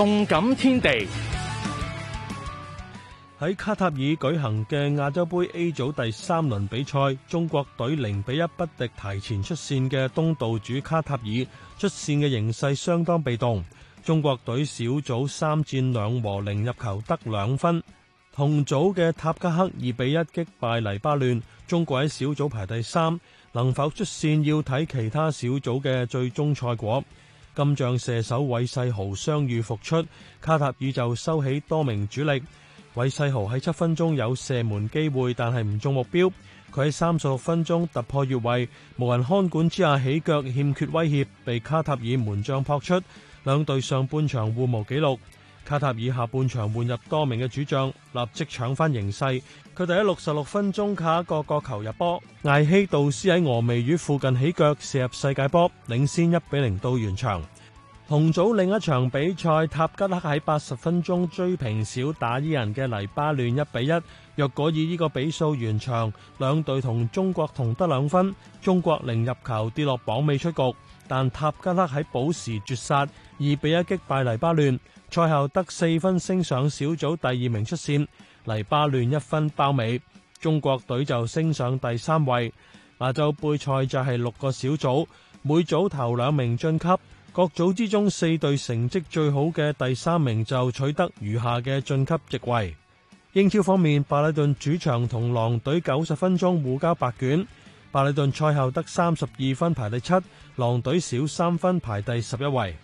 動感天地，喺卡塔爾舉行嘅亞洲盃 A 組第三輪比賽，中國隊零比一不敵提前出線嘅東道主卡塔爾，出線嘅形勢相當被動。中國隊小組三戰兩和零入球得兩分，同組嘅塔吉克二比一擊敗黎巴嫩，中國喺小組排第三，能否出線要睇其他小組嘅最終賽果。金像射手韋世豪傷癒復出，卡塔爾就收起多名主力。韋世豪喺七分鐘有射門機會，但係唔中目標。佢喺三十六分鐘突破越位，無人看管之下起腳欠缺威脅，被卡塔爾門將撲出。兩隊上半場互無紀錄。卡塔爾下半場換入多名嘅主將，立即搶翻形勢。佢哋喺六十六分鐘卡一個角球入波，艾希道斯喺俄眉魚附近起腳射入世界波，領先一比零到完場。同組另一場比賽，塔吉克喺八十分鐘追平少打一人嘅黎巴嫩一比一。若果以呢個比數完場，兩隊同中國同得兩分，中國零入球跌落榜尾出局。但塔吉克喺補時絕殺，二比一擊敗黎巴嫩，賽後得四分，升上小組第二名出線。黎巴嫩一分包尾，中國隊就升上第三位。亞洲杯賽就係六個小組，每組頭兩名晉級。各組之中四隊成績最好嘅第三名就取得餘下嘅晉級席位。英超方面，白禮頓主場同狼隊九十分鐘互交白卷，白禮頓賽後得三十二分排第七，狼隊少三分排第十一位。